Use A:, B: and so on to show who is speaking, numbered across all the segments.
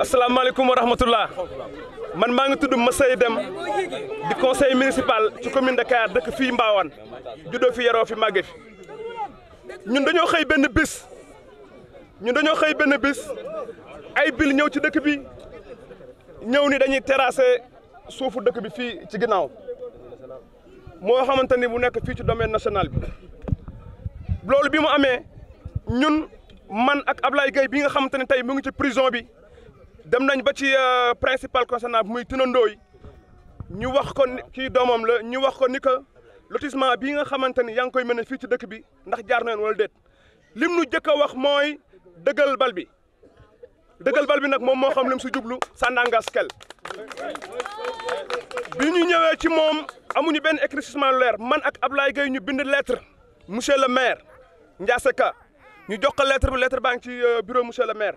A: asalaamaaleykum wa rahmatullah man maa ngi tudd Masseye dem di conseil municipal ci commune de Kayar dëkk fii Mbaawan juddoo fi yaroo fi màgge ñun dañoo xëy benn bis ñun dañoo xëy benn bis ay bil ñëw ci dëkk bi ñëw ni dañuy terrasser suufu dëkk bi fii ci ginnaaw moo xamante ni bu nekk fii ci domaine national bi loolu bi mu amee ñun man ak Ablaye Gueye bi nga xamante ne tey mu ngi ci prison bi dem nañ ba ci euh, principal concernant muy tinandooy ñu wax ko kii doomam la ñu wax ko ni que lotissement bii nga xamante ni yaa ngi koy mën a fii ci dëkk bi ndax jaar na wala déet lim nu jëkk a wax mooy dëggal bal bi dëggal bal bi nag moom moo xam lim su jublu Sandaga Skel bi ñu ñëwee ci moom amuñu benn éclaircissement leer man ak Ablaye Gueye ñu bind letre monsieur le maire Ndiasseka ñu jox ko lettre bi lettre baa ngi ci euh, bureau monsieur le maire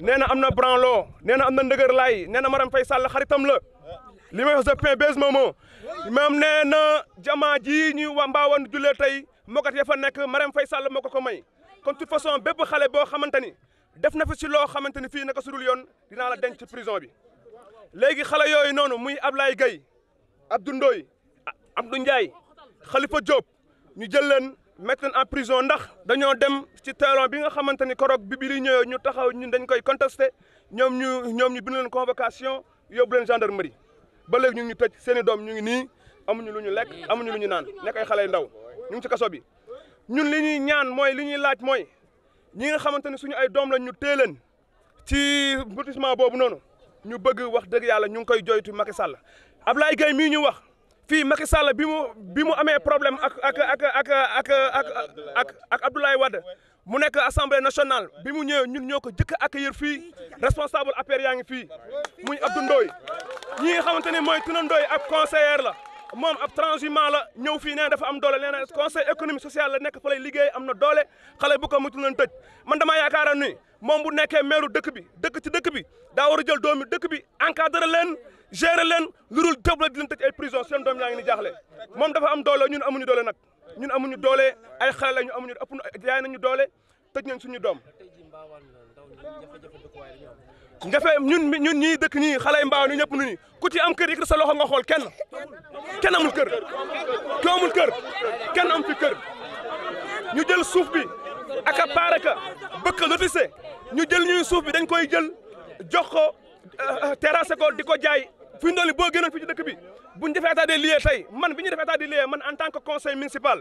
A: nee na am na branlo nee na am na ndëgër laay nee na Marème Faye Sall xaritam la li sa pain bés moomoo moom nee na jamaa ji ñuy wa mbaawoon jullee tey mokat ya fa nekk Marème fay Sall moo ko ko may comme toute façon bépp xale boo xamante ni def na fa si loo xamante ni fii naka sudul yoon dinaa la denc ci prison bi léegi xale yooyu noonu muy Ablaye Gueye Abdou Ndoye Abdou Ndiaye Khalifa Diop ñu jël leen mettre en prison ndax dañoo dem ci terrain bi nga xamante ni koroog bi bi li ñëwee ñu taxaw ñun dañ koy contesté ñoom ñu ñoom ñu bind leen convocation yóbbu leen gendarmerie ba léegi ñu ñu tëj seeni doom ñu ngi nii amuñu lu ñu lekk amuñu lu ñu naan nekk ay xale ndaw ñu ngi ci kaso bi. ñun li ñuy ñaan mooy li ñuy laaj mooy ñi nga xamante ni suñu ay doom lañ ñu téye leen ci lotissement boobu noonu ñu bëgg wax dëgg yàlla ñu ngi koy joytu Macky Sall Ablaye Gueye mii ñu wax. fii Macky Sall bi mu bi mu amee problème ak ak ak ak ak ak ak Wade mu nekk assemblée nationale bi mu ñëwee ñun ñoo ko jëkk ak accueillir fii responsable APR yaa ngi fii muy Abdou Ndoye ñi nga xamante ne mooy Tuna Ndoye ab conseiller la moom ab transhumant la ñëw fii nee def am doole nee na conseil économique social la nekk fa lay liggéey am na doole xale bu ko mutu leen tëj man damaa yaakaaroon ni moom bu nekkee meeru dëkk bi dëkk ci dëkk bi daa jël doomi dëkk bi encadré gérer leen lu dul dëb la di tëj ay prison seen doom yaa ngi ni jaaxle moom dafa am doole ñun amuñu doole nag ñun amuñu doole ay xale la ñu amuñu ëpp jaay nañu doole tëj nañ suñu doom jafe ñun ñun ñii dëkk ñii xale yi mbaaw ni ñëpp nu ñi ku ci am kër yëkkati sa loxo nga xool kenn kenn amul kër kenn amul kër kenn am fi kër ñu jël suuf bi ak a paaraka bëkk lotissé ñu jël ñuy suuf bi dañ koy jël jox ko euh, euh, terrassé ko di ko jaay fi ñu doon boo génnoon fii ci dëkk bi bu ñu defee état des tey man bi ñu defee état des lieux man en tant que conseil municipal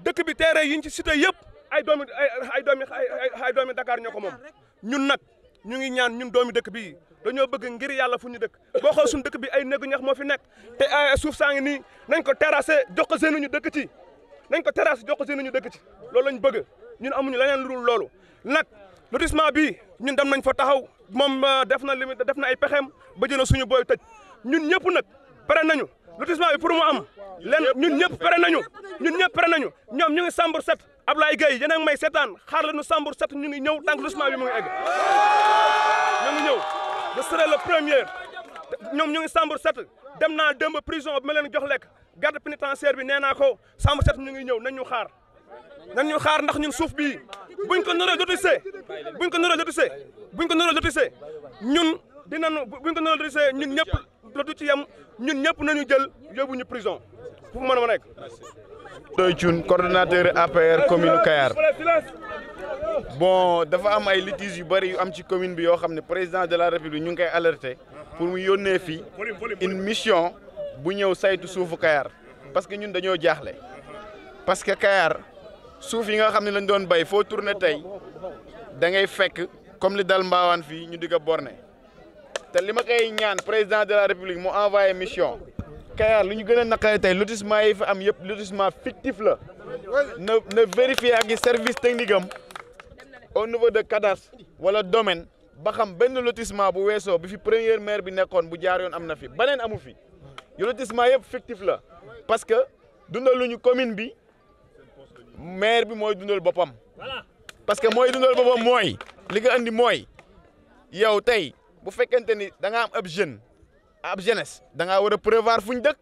A: dëkk bi terrain yi ñu ci cité yëpp ay doomi ay doomi ay doomi Dakar ñoo ko moom ñun nag ñu ngi ñaan ñun doomi dëkk bi dañoo bëgg ngir yàlla fu ñu dëkk boo xool suñu dëkk bi ay néegu ñax moo fi nekk te suuf saa ni nii nañ ko terrassé jox ko seen ñu dëkk ci nañ ko terrassé jox ko seen ñu dëkk ci loolu lañ bëgg ñun amuñu leneen lu dul loolu nag lotissement bi ñun dem nañ fa taxaw moom euh, def na li def na ay pexeem ba jëlee suñu booy tëj ñun ñëpp nag pare nañu lotissement bi pour mu am len ñun ñëpp pare nañu ñun ñëpp pare nañu ñoom ñu ngi Sambour ab Ablaye Gueye yéen a ngi may seetaan xaar la ñu Sambour 7 ñu ngi ñëw tànk lotissement bi mu ngi egg ñu ngi ñëw ñoom ñu ngi set dem naa démb prison bi ma leen jox lekk garde pénitentiaire bi nee naa ko Sambour 7 ñu ngi ñëw nañ ñu xaar nañ ñu xaar ndax ñun suuf bii buñ ko nar a buñ ko nar a lotissé buñ ko nar a ñun dinañu buñ ko nar a lotissé ñun ñëpp dootu ci yem ñun ñëpp nañu jël yóbbu ñu prison fu mu mën a nekk.
B: doy Thioune coordonnateur APR commune Kayar
A: bon dafa am ay
B: litiges yu bari yu am ci commune bi yoo xam ne président de la république ñu ngi koy alerter pour mu yónnee fii une mission bu ñëw saytu suufu Kayar parce que ñun dañoo jaaxle parce que Kayar suuf yi nga xam ne lañ doon bay foo tourné tey da ngay fekk comme li dal mbaawaan fii ñu digg a borné. te li ma koy ñaan président de la république mu envoyé mission Kayar lu ñu gën a naqare tey lotissement yi fa am yëpp lotissement fictif la na na vérifier ak service technique am au niveau de cadastre wala domaine ba xam benn lotissement bu weesoo bi fi premier maire bi nekkoon bu jaar yoon am na fi beneen amu fi yu lotissement yëpp fictif la parce que dundaluñu commune bi maire bi mooy dundal boppam parce que mooy dundal boppam mooy li nga andi mooy yow tey bu fekkente ni da nga am ab jeune ab jeunesse da war a prévoir fu ñu dëkk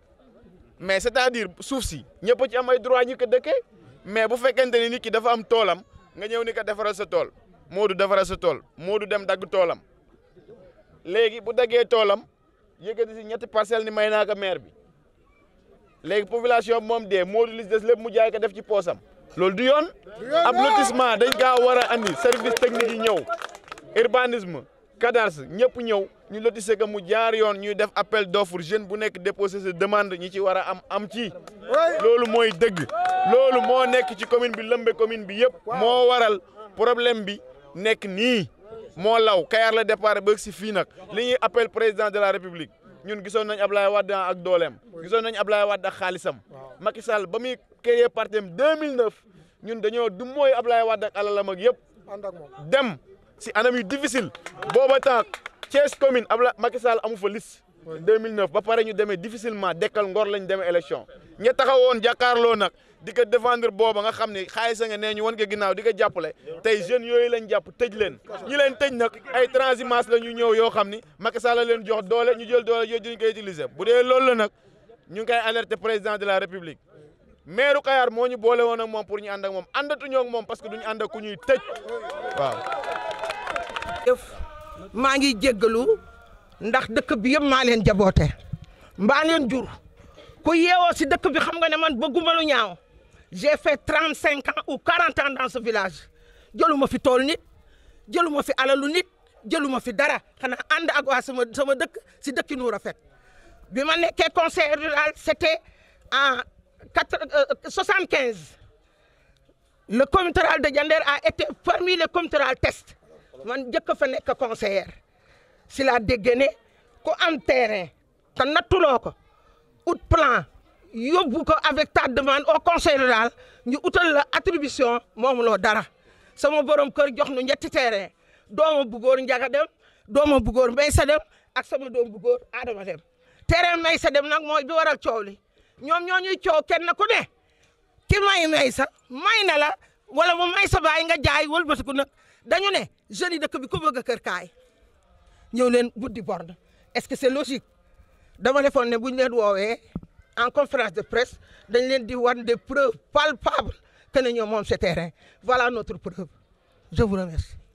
B: mais c'est-à-dire suuf si ñëpp ci am ay droit ñu ko mais bu fekkente ni nit ki dafa am toolam nga ñëw ni ko defaral sa tool Modou defaral sa tool Modou dem dagg toolam léegi bu daggee toolam yëkkati si ñetti parcelle ni may naa ko maire bi léegi population moom dee Modou li des lépp mu jaay ko def ci poosam loolu du yoon ab lotissement dañ ka war a andi service technique yi ñëw urbanisme cadastre ñëpp ñëw ñu lotissé que mu jaar yoon ñuy def appel d'offre jeune bu nekk déposé sa demande ñi ci war a am am ci loolu mooy dëgg loolu moo nekk ci commune bi lëmbe commune bi yëpp moo waral problème bi nekk nii moo law Kayar la départ si fii nag li ñuy appel président de la république ñun gisoon nañ Ablaye Wade ak dooleem gisoon nañ Ablaye Wade ak xaalisam Macky Sall ba muy créé parti am 2009 ñun dañoo du mooy Ablaye Wade ak alalam ak yëpp dem si anam yu difficile booba temps Thiès commune Abla Macky Sall amu fa liste 2009 ba pare ñu demee difficilement dekkal ngor lañ demee élection ña taxawoon jàkkaarloo nag di ko booba nga xam ne xaalis nga nee ñu wan ko ginnaaw di ko jàppale tey jeunes yooyu lañ jàpp tëj leen ñi leen tëj nag ay transhumance la ñu ñëw yoo xam ni Macky Sall leen jox doole ñu jël doole yooyu dañ koy utiliser bu dee loolu la nag ñu ngi koy président de la république maire moo ñu boole moom pour ñu ànd ak moom àndatuñoo moom parce que duñu ànd ak ku ñuy
C: jëf maa ngi jéggalu ndax dëkk bi yëpp maa leen jaboote mbaa jur ku yeewoo si dëkk bi xam nga ne man bëgguma lu ñaaw j'ai fait trente cinq ans ou quarante ans dans ce village jëluma fi tool nit ma fi alalu nit ma fi dara xanaa ànd ak waa sama dëkk si dëkki nu rafet bi man nekkee conseil rural c'était en quatre euh, soixante quinze le comité rural de Diender a été parmi les comités test man njëkk fa nekk conseillère si laa déggee ne ku am terrain te nattuloo ko ut plan yóbbu ko avec ta demande o conseil rural ñu utal la attribution moomuloo dara sama borom kër jox nu ñetti terrain dooma bu góor Njaga Dem dooma bu góor Maysa Dem ak sama doom bu góor Adama Dem terrain Maysa Dem nag mooy bi waral coow li ñoom ñoo ñuy coow kenn ku ne ki may Maysa may na la wala mu Maysa bàyyi nga jaay wëlbatiku nag dañu ne jeunes yi dëkk bi ku bëgg a kër kaay ñëw leen buddi borne est-ce que c'est logique dama defoon ne bu ñu leen woowee en conférence de presse dañ leen di wan des preuves palpables que ne ñoom moom ce terrain voilà notre preuve je vous remercie.